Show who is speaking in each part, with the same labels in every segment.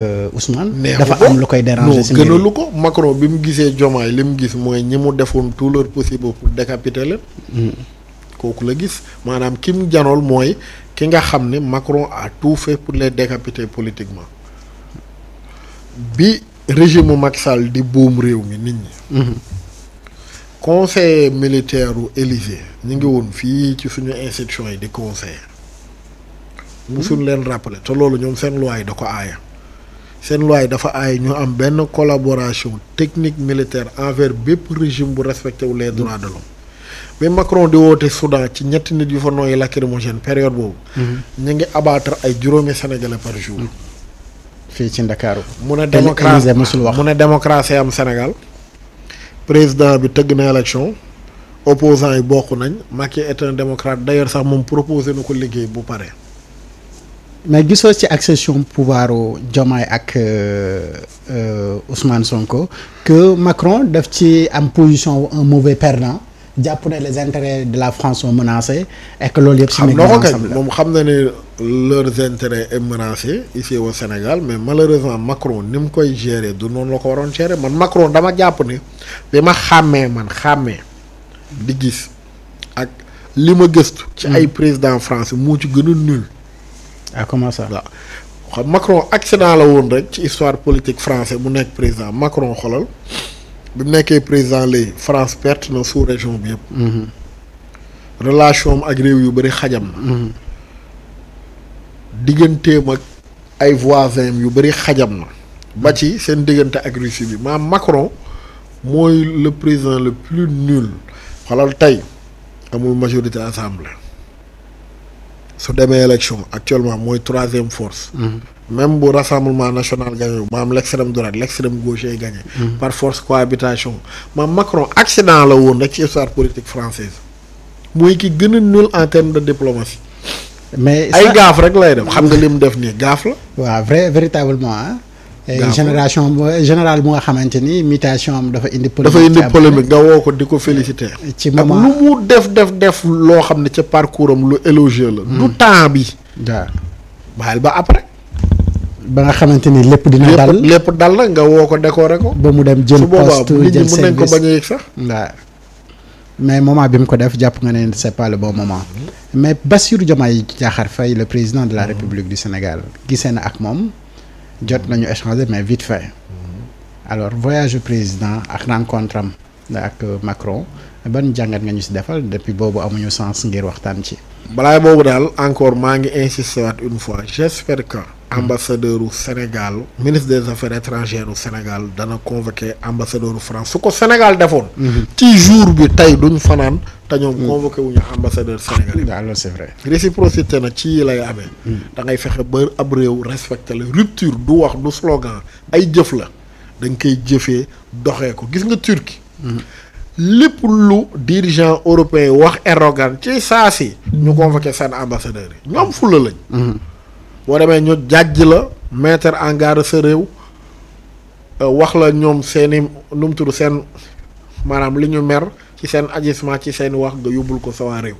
Speaker 1: Euh, Ousmane. dafa am lu koy déranger si mbir gënalu
Speaker 2: ko Macron bi mu gisee Diomaye li mu gis mooy ñi mu defoon tout leur possible pour décapiter leen. Hmm. kooku la gis maanaam ki mu janool mooy ki nga xam ne Macron a tout fait pour les décapiter politiquement bi régime Macky Sall di buum réew mi nit ñi. Hmm. conseil militaire u Élysée ñu ngi woon fii ci suñu institution yi di conseil. Hmm. mosuñ leen rappeler te loolu ñoom seen loi yi da ko aaya. seen loi yi dafa aay ñu am benn collaboration technique militaire envers bépp régime bu respecté wu les droits de l'homme bi Macron di woote Soudan ci ñetti nit yu fa nooy lacrymogène période boobu mhm. ñu ngi abattre ay juróomi sénégalais par jour mhm. fii ci Ndakaaru mu ne démocratie mosul wax mu ne démocratie am Sénégal président bi tëgg na élection opposant yi bokk nañ Macky est un démocrate sax moom proposé na ko liggéey bu pare
Speaker 1: mais gisoo ci accession pouvoir Diomaye ak euh, euh, Ousmane Sonko que Macron def ci am position un mauvais perdant jàpp ne les intérêts de la France sont menacés et loolu yëpp. si mécanisme
Speaker 2: xam na ne leurs intérêts est menacé ici Sénégal mais malheureusement Macron ni mu koy gérer du noonu la ko waroon gérer man Macron dama jàpp ni bi ma xàmmee man xàmmee di gis ak li ma gëstu. ci mm. ay président France mu ci gën a ah comment ça waaw Macron accident la woon rek ci histoire politique français mu nekk président Macron xolal bi mu nekkee président léegi France perte na sous région bi yëpp. Mhm. relation am ak réew yu bëri xajam na. Mhm. digganteem ak ay voisins yu bëri xajam na. ba ci seen diggante ak Russie bi maam Macron mooy le président le plus nul xolal tey amul majorité assemblée. su demee élection actuellement mooy troisième force. même bu rassemblement national gagné maam l' extrême droite l' extrême gauche ay gagné. par force cohabitation maam Macron accident la woon rek ci histoire politique française mooy ki gën a nul en terme de diplomatie. mais ay gaaf rek lay def xam nga li mu def nii gaaf la. waaw vrai véritablement Eh, génération
Speaker 1: moo général bu nga xamante ni mutation
Speaker 2: am dafa indi. dafa indi polémique nga woo ko di ko féliciter. Eh, ci moment lu mu def def def loo xam ne ca parcours am lu élogieux la. du hmm. temps bi. waaw bàyyil ba après.
Speaker 1: ba nga xamante ni lépp dina dal
Speaker 2: lépp dal la nga woo ko décorer ko.
Speaker 1: ba mu dem jël poste jël service su boobaa ko bañ a mais moment bi mu ko def jàpp nga ne c'est pas le bon moment. mais Bassirou Diomaye Diakhar Faye le président de la hmm. République du Sénégal gisee na ak moom. jot nañu échanger mais vite fait mm-hmm. alors voyage président ak rencontre am ak Macron ban jàngat nga ñu si defal depuis boobu amuñu sens ngir waxtaan ci.
Speaker 2: balaa boobu daal encore maa ngi insister waat une fois j'espère que. ambassadeur u Sénégal ministre des affaires étrangères Sénégal dana convoquer ambassadeur u France su ko Sénégal defoon. Mm-hmm. ci jour bi tey duñ fanaan. te ñoom hmm. convoqué wuñu ambassadeur sénégalais. waaw loolu c'est vrai. réciprocité na ci yi lay amee. Hmm. da ngay fexe ba ab réew respecté la rupture du wax du slogan ay jëf la da nga koy jëfee doxe ko gis nga Turquie. Hmm. lépp lu dirigeant européen wax Erdogan ci saa si. ñu convoqué seen ambassadeur yi ñoom fula lañ. boo demee ñu jàjj la mettre en sa réew euh, wax la ñoom seen i seen maanaam li ñu mer. ci seen agissement ci seen wax nga yóbbul ko sa réew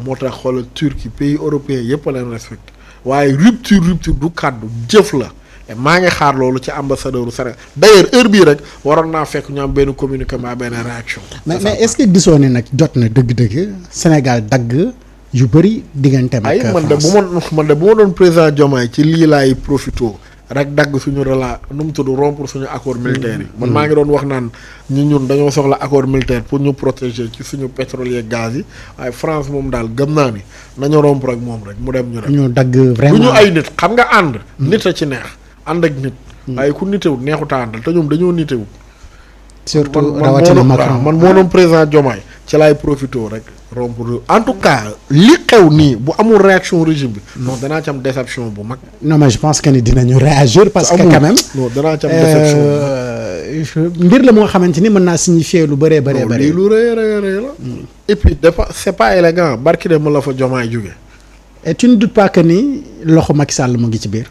Speaker 2: moo tax xoolal Turquie pays européen yëpp a leen respecté waaye rupture rupture du kàddu jëf la maa ngi xaar loolu ci ambassadeur u Sénégal d'ailleurs heure bii rek waroon naa fekk ñoom benn communiqué mbaa benn réaction.
Speaker 1: mais mais est-ce que gisoo ni nag jot na dëgg-dëgg Sénégal dagg. yu bëri digganteem ak France ay man de bu ma
Speaker 2: man de bu ma doon président Diomaye ci lii lay profité. rek dagg suñu relaa nu mu tudd rompre suñu accord mm. militaire yi man mm. maa ngi doon wax naan ñu ñun dañoo soxla accord militaire pour ñu protéger ci suñu pétrolier gaz yi waaye France moom daal gëm naa ni nañu romp ak moom rek mu dem ñu dem ñu dagg vraiment ñu ay nit xam nga ànd mm. nit a ci neex ànd ak nit waaye ku nitewut neexuta àndal te ñoom dañoo nitewut surtout rawatina Macron man moo doon présent Diomaye ci laay profité rek romb en tout cas li xew nii bu amul réaction régime bi. non danaa ci déception bu mag.
Speaker 1: non mais je pense que ni dinañu réagir. parce que quand même non
Speaker 2: danaa ci am déception euh, mbir la moo xamante ni mën naa signifier lu bëree baree bëri. lu rëy rëy rëy la. Mm. et puis dafa c' est pas élégant de mu
Speaker 1: la loxo Macky Sall mu ngi ci biir.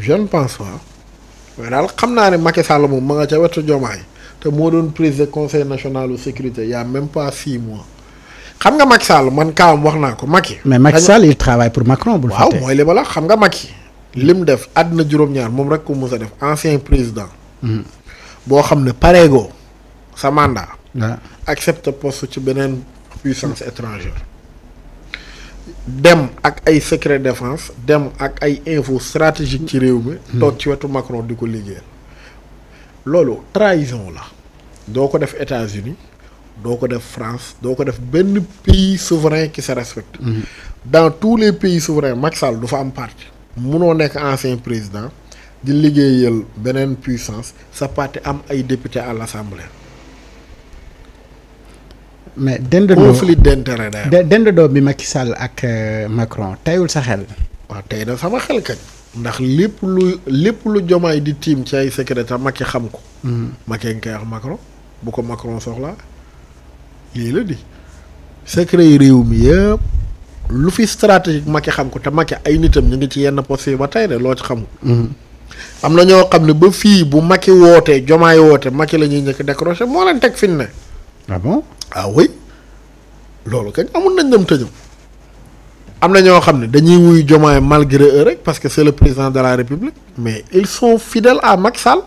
Speaker 1: je ne pense
Speaker 2: pas. mais daal xam naa ne Macky Sall moom ma nga ca wetu jomaay te moo doon prise de conseil national de sécurité y' même pas six mois. xam nga Macky Sall man am wax naa ko Macky. mais Macky Sall
Speaker 1: il travaille pour Macron. bul fàtte waaw mooy
Speaker 2: li ma la xam nga Macky. lim def àdduna juróom-ñaar moom rek ko mos a def ancien président. Hmm. boo xam ne pareego sa mandat. accepte poste ci beneen puissance étrangère. dem ak ay secret défense dem ak ay info stratégique ci réew mi. Hmm. toog ci wetu Macron di ko liggéeyal. loolu trahison la. doo ko def États-Unis doo ko def France doo ko def benn pays souverain qui se respecte. dans tous les pays souverains Macky Sall du fa am parti. munoo nekk ancien président di liggéeyal beneen puissance sa parti am ay député à l'assemblée.
Speaker 1: mais dendandoo conflit d'intérêt day dendandoo bi Macky Sall
Speaker 2: ak euh, Macron teyul sa xel. waaw tey na sama xel kañ. ndax lépp lu lépp lu jomaay di tiim ci ay secrétaire Macky xam ko. Hmm. Macky nga koy wax Macron bu ko Macron soxlaa. lii la di secret yi réew mi yëpp lu fi stratégique Macky xam ko te Macky ay nitam ñu ngi ci yenn poste yi ba tey de loo ci xamul. Mm-hmm. am na ñoo xam ne ba fii bu Macky wootee jomaay woote Macky la ñuy njëkk décroché moo leen teg fi ne. ah bon ah oui loolu kañ amul nañ dem tëjum. am na ñoo xam ne dañuy wuy jomaay malgré eux rek parce que c'est le président de la république mais ils sont fidèles à Macky Sall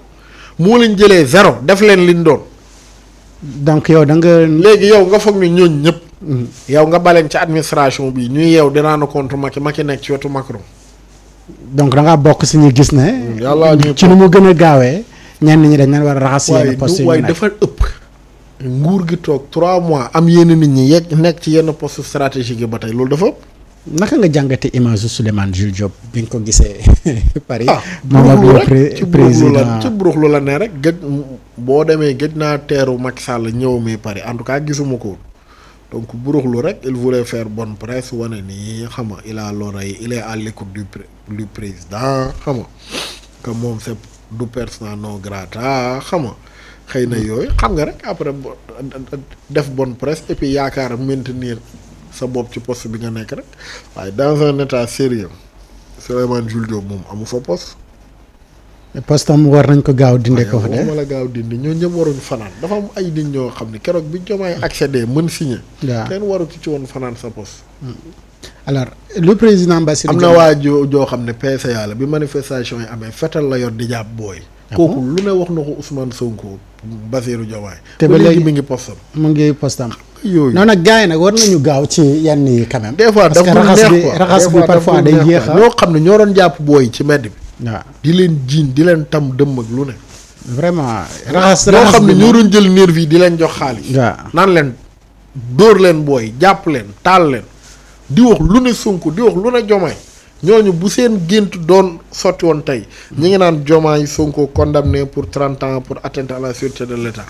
Speaker 2: moo leen jëlee zéro def leen liñ doon. donc yow da nga. léegi yow nga foog ni ñooñ ñëpp. yow nga baleen ca administration bi ñuy yeew dinaa na contre ma ki nekk ci wetu Macron.
Speaker 1: donc da ngaa bokk si ñu gis ne. yàlla ci nu mu gën a gaawee. ñenn ñi dañ leen war a raxas yenn poste yu waaye dafa
Speaker 2: ëpp. nguur gi toog trois mois am yenn nit ñi yegg nekk ci yenn poste stratégique yi ba tey loolu dafa naka nga jàngate image su Souleymane Jules Diop bi nga ko gisee. Paris ah, moom ak ci buruxlu la ne rek gëj boo demee gëj naa teeru Macky Sall ñëw mi Paris en tout cas gisuma ko donc buruxlu rek il voulait faire bonne presse wane nii xam nga il a l'oreille à l'écoute du du président xam nga moom c'est du persona non grata xam xëy na yooyu xam nga rek après def bonne presse et puis yaakaar maintenir. sa bopp ci poste bi nga nekk rek waaye dans un état sérieux Souleymane Jules Diop moom amu fa poste.
Speaker 1: poste war nañ ko gaaw dinde ko fa de. wala
Speaker 2: gaaw dindi ñoo ñëpp waruñu fanaan dafa am ay nit ñoo xam ne keroog bi Diomaye hmm. accédé mën signé. kenn waru ci woon fanaan sa poste. Hmm. alors le président Bassirou am na waa joo joo xam ne PCA yàlla bi manifestation yi amee fetal la yor di jàpp booy. Ah kooku lu ne wax na ko Sonko Bassirou Diomaye. te ba léegi mi yooyu
Speaker 1: non nag gars yi nag war nañu gaaw ci yenn yi quand même. des fois da nga neex quoi raxas bi parfois day yéex ñoo
Speaker 2: ah. xam ne ñoo doon jàpp booy ci mbedd bi. waaw di leen jiin di leen tam dëmm ak lu ne. vraiment raxas ñoo xam ne ñoo doon jël nervi yi di leen jox xaalis. waaw naan leen dóor leen booy jàpp leen taal leen di wax lu ne Sonko di wax lu ne Diomaye ñooñu bu seen gént doon sotti woon tey ñu ngi naan Diomaye Sonko condamné pour trente ans pour atteinte à la sûreté de l' État.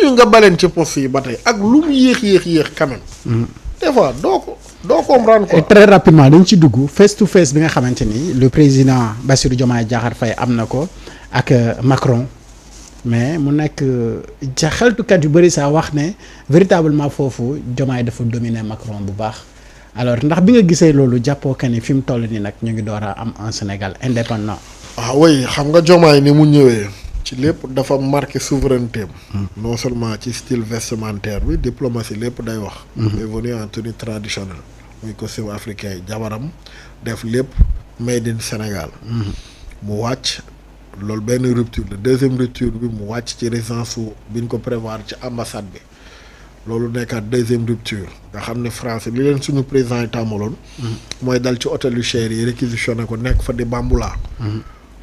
Speaker 2: yu nga baleen ci pof yi ba tey ak lu yéex yéex yéex quand même. Mm. des doo ko doo comprendre quoi.
Speaker 1: très rapidement dañ ci dugg face to face bi nga xamante ni le président Bassirou Diomaye Diakhar fay am na ko ak euh, Macron mais mu nekk euh, ca xeltukat yu bëri saa wax ne véritablement foofu Diomaye dafa dominer Macron bu baax. alors
Speaker 2: ndax bi nga gisee loolu jàppoo que ni fi mu toll nii nag ñu ngi door am en Sénégal indépendant. ah oui xam nga Diomaye ni mu ñëwee. ci lépp dafa marqué souveraineté am hmm. non seulement ci style vestimentaire bi diplomatie lépp day wax mais hmm. venu en tenue traditionnelle muy costume africain yi jabaram def lépp made in Sénégal hmm. mu wàcc loolu benn rupture la deuxième rupture bi mu wàcc ci résidence su bi ko prévoir ci ambassade bi loolu nekkaat deuxième rupture nga xam ne français li leen suñu président yi tàmmaloon mooy dal ci hôtel yu cher yi réquisitionné ko nekk fa di bambula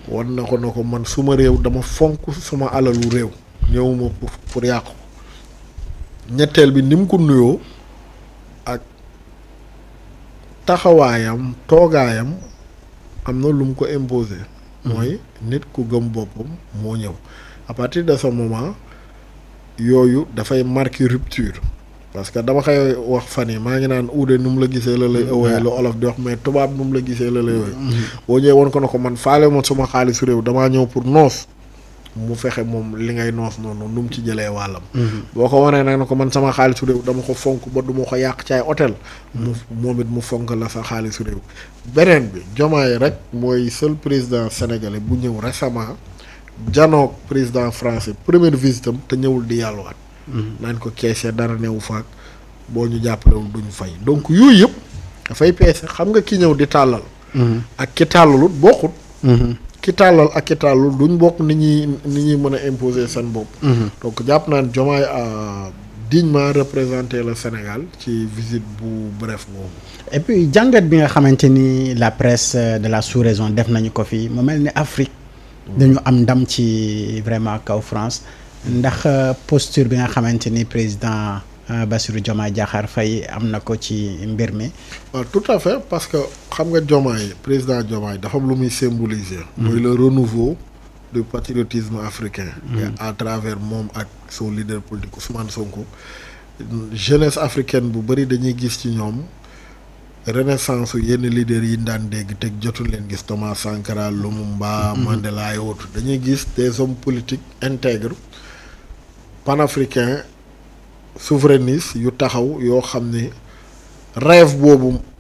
Speaker 2: wan na ko na ko man suma réew dama fonk suma alalu réew ñëwuma pour pour yàqu ñetteel bi ni mu ko nuyoo ak taxawaayam toogaayam am na lu mu ko imposer. Mm-hmm. mooy nit ku gëm boppam moo ñëw à partir de ce moment yooyu dafay marquer rupture parce que dama koy wax fan yi maa ngi naan uude nu mu la gisee la lay ëwee mm-hmm. lu olof di wax mais tubaab nu la gisee la lay ëwee mm-hmm. boo ñëwee woon ko na ko man faale ma suma xaalisu réew damaa ñëw pour noos mu fexe moom li ngay noos noonu nu mu ci jëlee wàllam mm-hmm. boo ko waree nag ne ko man sama xaalisu réew dama ko fonk ba du ko yàq ci ay hôtel moom it mu fonk la sa xaalisu réew beneen bi Diomaye rek mooy seul président sénégalais bu ñëw récemment janoog président français première visitam te ñëwul di yàlluwaat Mm-hmm. naan ko keese dara newu faak boo ñu jàppalewul duñu fay donc yooyu yëpp dafay peese xam nga ki ñëw di tàllal mm-hmm. ak ki tàllalut bokkut mm-hmm. ki tàllal ak ki tàllul duñ bokk ni ñuy ni ñuy mën a imposer seen bopp donc jàpp naan jomaay euh, dignement représenté le Sénégal ci visite bu bref boobu.
Speaker 1: et jàngat bi nga xamante ni la presse euh, de la sous-région def nañu ko fii mu mel ni Afrique dañu am ndam ci vraiment kaw France ndax euh, posture bi nga xamante ni président euh, basiru Diomaye Diakhar fay am na ko ci mbir mi. waaw
Speaker 2: tout à fait parce que xam nga Diomaye président Diomaye dafa am lu muy symboliser. Mm. mooy le renouveau du patriotisme africain. Mm. et à travers moom ak son leader politique Ousmane Sonko. jeunesse africaine bu bëri dañuy gis ci ñoom renaissance yenn leaders yi daan dégg teg jotul leen gis Thomas Sankara Lumumba. Mm. Mandela et autres dañuy gis des hommes politiques intègres. panafricain souverainiste yu taxaw yoo xam ni rêve boobu